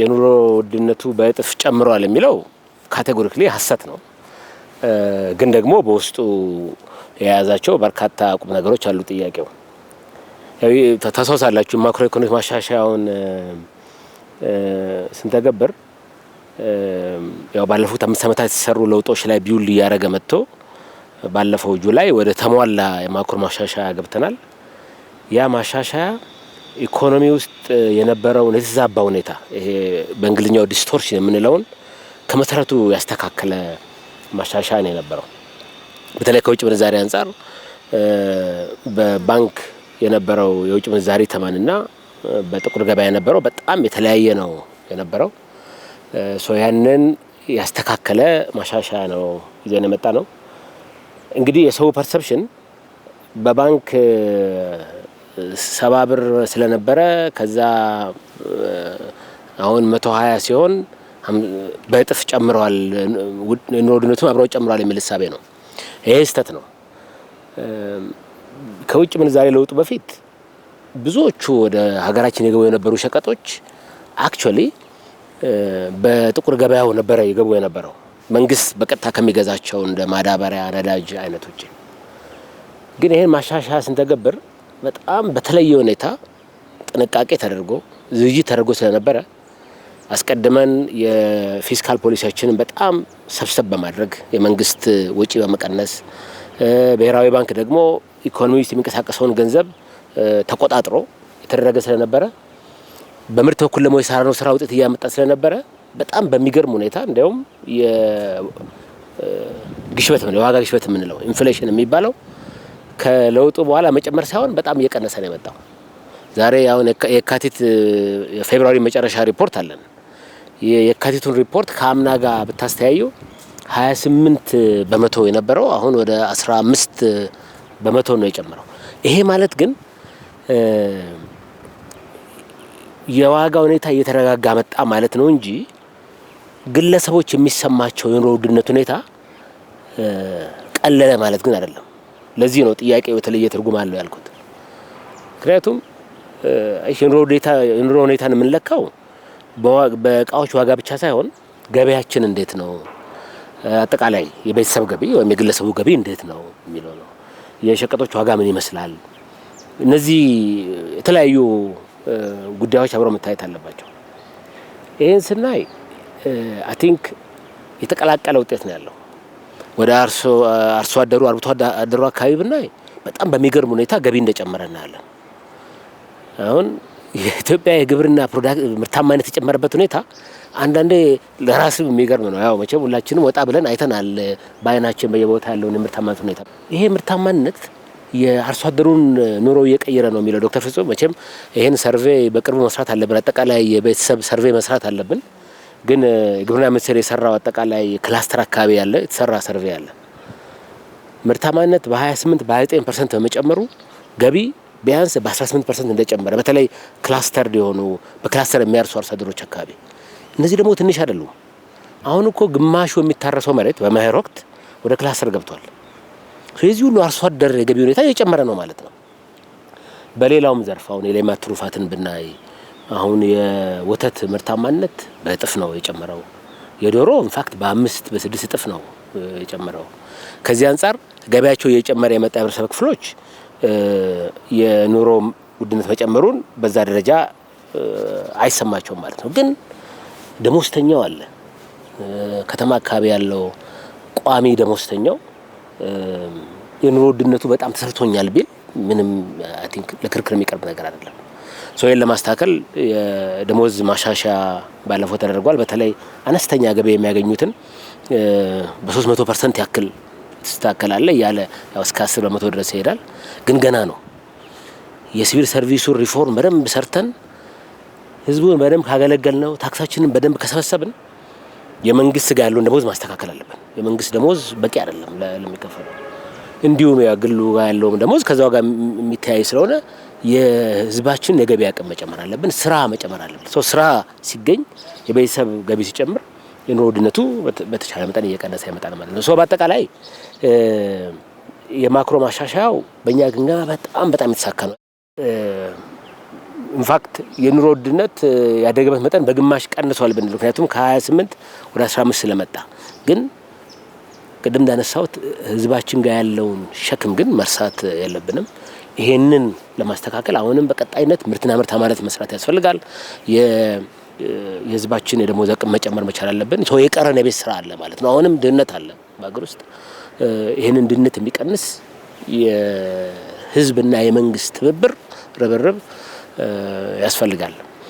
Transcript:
የኑሮ ውድነቱ በእጥፍ ጨምሯል የሚለው ካቴጎሪክሊ ሀሰት ነው። ግን ደግሞ በውስጡ የያዛቸው በርካታ ቁም ነገሮች አሉ። ጥያቄው ታስታውሳላችሁ፣ ማክሮ ኢኮኖሚክ ማሻሻያውን ስንተገብር ያው ባለፉት አምስት ዓመታት የተሰሩ ለውጦች ላይ ቢውል እያደረገ መጥቶ ባለፈው ጁላይ ወደ ተሟላ የማክሮ ማሻሻያ ገብተናል። ያ ማሻሻያ ኢኮኖሚ ውስጥ የነበረውን የተዛባ ሁኔታ ይሄ በእንግሊዝኛው ዲስቶርሽን የምንለውን ከመሰረቱ ያስተካከለ ማሻሻያ ነው የነበረው። በተለይ ከውጭ ምንዛሪ አንጻር በባንክ የነበረው የውጭ ምንዛሪ ተመንና በጥቁር ገበያ የነበረው በጣም የተለያየ ነው የነበረው። ያንን ያስተካከለ ማሻሻያ ነው ይዘን የመጣ ነው። እንግዲህ የሰው ፐርሰፕሽን በባንክ ሰባ ብር ስለነበረ ከዛ አሁን መቶ ሀያ ሲሆን በእጥፍ ጨምረዋል። ኑሮ ውድነቱም አብረው ጨምረዋል የሚል እሳቤ ነው። ይሄ ስህተት ነው። ከውጭ ምንዛሬ ለውጡ በፊት ብዙዎቹ ወደ ሀገራችን የገቡ የነበሩ ሸቀጦች አክቹዋሊ በጥቁር ገበያው ነበረ የገቡ የነበረው መንግስት በቀጥታ ከሚገዛቸው እንደ ማዳበሪያ፣ ነዳጅ አይነቶች ግን ይህን ማሻሻያ ስንተገብር በጣም በተለየ ሁኔታ ጥንቃቄ ተደርጎ ዝግጅት ተደርጎ ስለነበረ አስቀድመን የፊስካል ፖሊሲያችንን በጣም ሰብሰብ በማድረግ የመንግስት ወጪ በመቀነስ ብሔራዊ ባንክ ደግሞ ኢኮኖሚ ውስጥ የሚንቀሳቀሰውን ገንዘብ ተቆጣጥሮ የተደረገ ስለነበረ በምርት በኩል ደግሞ የሰራነው ስራ ውጤት እያመጣ ስለነበረ በጣም በሚገርም ሁኔታ እንዲያውም የዋጋ ግሽበት የምንለው ኢንፍሌሽን የሚባለው ከለውጡ በኋላ መጨመር ሳይሆን በጣም እየቀነሰ ነው የመጣው። ዛሬ አሁን የካቲት ፌብሩዋሪ መጨረሻ ሪፖርት አለን። የካቲቱን ሪፖርት ከአምና ጋር ብታስተያዩ 28 በመቶ የነበረው አሁን ወደ 15 በመቶ ነው የጨመረው። ይሄ ማለት ግን የዋጋ ሁኔታ እየተረጋጋ መጣ ማለት ነው እንጂ ግለሰቦች የሚሰማቸው የኑሮ ውድነት ሁኔታ ቀለለ ማለት ግን አይደለም። ለዚህ ነው ጥያቄው የተለየ ትርጉም አለው ያልኩት። ምክንያቱም የኑሮ ሁኔታን የምንለካው በእቃዎች ዋጋ ብቻ ሳይሆን ገበያችን እንዴት ነው፣ አጠቃላይ የቤተሰብ ገቢ ወይም የግለሰቡ ገቢ እንዴት ነው የሚለው ነው። የሸቀጦች ዋጋ ምን ይመስላል? እነዚህ የተለያዩ ጉዳዮች አብረው መታየት አለባቸው። ይህን ስናይ አይ ቲንክ የተቀላቀለ ውጤት ነው ያለው። ወደ አርሶ አደሩ አርብቶ አደሩ አካባቢ ብናይ በጣም በሚገርም ሁኔታ ገቢ እንደጨመረ እናያለን። አሁን የኢትዮጵያ የግብርና ምርታማነት የጨመረበት ሁኔታ አንዳንዴ ለራስ የሚገርም ነው። ያው መቼም ሁላችንም ወጣ ብለን አይተናል በአይናችን በየቦታ ያለውን የምርታማነት ሁኔታ። ይሄ ምርታማነት የአርሶ አደሩን ኑሮ እየቀየረ ነው የሚለው ዶክተር ፍጹም መቼም ይህን ሰርቬ በቅርቡ መስራት አለብን። አጠቃላይ የቤተሰብ ሰርቬ መስራት አለብን። ግን ግብርና ሚኒስቴር የሰራው አጠቃላይ ክላስተር አካባቢ ያለ የተሰራ ሰርቬ አለ። ምርታማነት በ28 በ29 ፐርሰንት በመጨመሩ ገቢ ቢያንስ በ18 ፐርሰንት እንደጨመረ በተለይ ክላስተር የሆኑ በክላስተር የሚያርሱ አርሶ አደሮች አካባቢ እነዚህ ደግሞ ትንሽ አይደሉም። አሁን እኮ ግማሹ የሚታረሰው መሬት በመኸር ወቅት ወደ ክላስተር ገብቷል። ስለዚህ ሁሉ አርሶ አደር የገቢ ሁኔታ እየጨመረ ነው ማለት ነው። በሌላውም ዘርፍ አሁን የሌማት ትሩፋትን ብናይ አሁን የወተት ምርታማነት በእጥፍ ነው የጨመረው። የዶሮ ኢንፋክት በአምስት በስድስት እጥፍ ነው የጨመረው። ከዚህ አንጻር ገበያቸው እየጨመረ የመጣ የህብረተሰብ ክፍሎች የኑሮ ውድነት መጨመሩን በዛ ደረጃ አይሰማቸውም ማለት ነው። ግን ደሞዝተኛው አለ። ከተማ አካባቢ ያለው ቋሚ ደሞዝተኛው የኑሮ ውድነቱ በጣም ተሰርቶኛል ቢል ምንም አይ ቲንክ ለክርክር የሚቀርብ ነገር አይደለም። ሶይን ለማስተካከል የደሞዝ ማሻሻያ ባለፈው ተደርጓል። በተለይ አነስተኛ ገቢ የሚያገኙትን በ300 ፐርሰንት ያክል ትስተካከላለ እያለ እስከ 10 በመቶ ድረስ ይሄዳል። ግን ገና ነው። የሲቪል ሰርቪሱን ሪፎርም በደንብ ሰርተን ህዝቡን በደንብ ካገለገል ነው ታክሳችንን በደንብ ከሰበሰብን የመንግስት ጋር ያለውን ደሞዝ ማስተካከል አለብን። የመንግስት ደሞዝ በቂ አይደለም ለሚከፈለው። እንዲሁም ያግሉ ጋር ያለውም ደሞዝ ከዛው ጋር የሚተያይ ስለሆነ የህዝባችን የገቢ አቅም መጨመር አለብን። ስራ መጨመር አለብን። ሰው ስራ ሲገኝ የቤተሰብ ገቢ ሲጨምር የኑሮ ውድነቱ በተቻለ መጠን እየቀነሰ ይመጣል ማለት ነው። ሰው በአጠቃላይ የማክሮ ማሻሻያው በእኛ ግምገማ በጣም በጣም የተሳካ ነው። ኢንፋክት የኑሮ ውድነት ያደገበት መጠን በግማሽ ቀንሷል ብንል ምክንያቱም ከ28 ወደ 15 ስለመጣ ግን ቅድም እንዳነሳሁት ህዝባችን ጋር ያለውን ሸክም ግን መርሳት የለብንም። ይሄንን ለማስተካከል አሁንም በቀጣይነት ምርትና ምርታማነት መስራት ያስፈልጋል። የህዝባችን የደሞዝ አቅም መጨመር መቻል አለብን። ሰው የቀረን የቤት ስራ አለ ማለት ነው። አሁንም ድህነት አለ በሀገር ውስጥ። ይህንን ድህነት የሚቀንስ የህዝብና የመንግስት ትብብር ርብርብ ያስፈልጋል።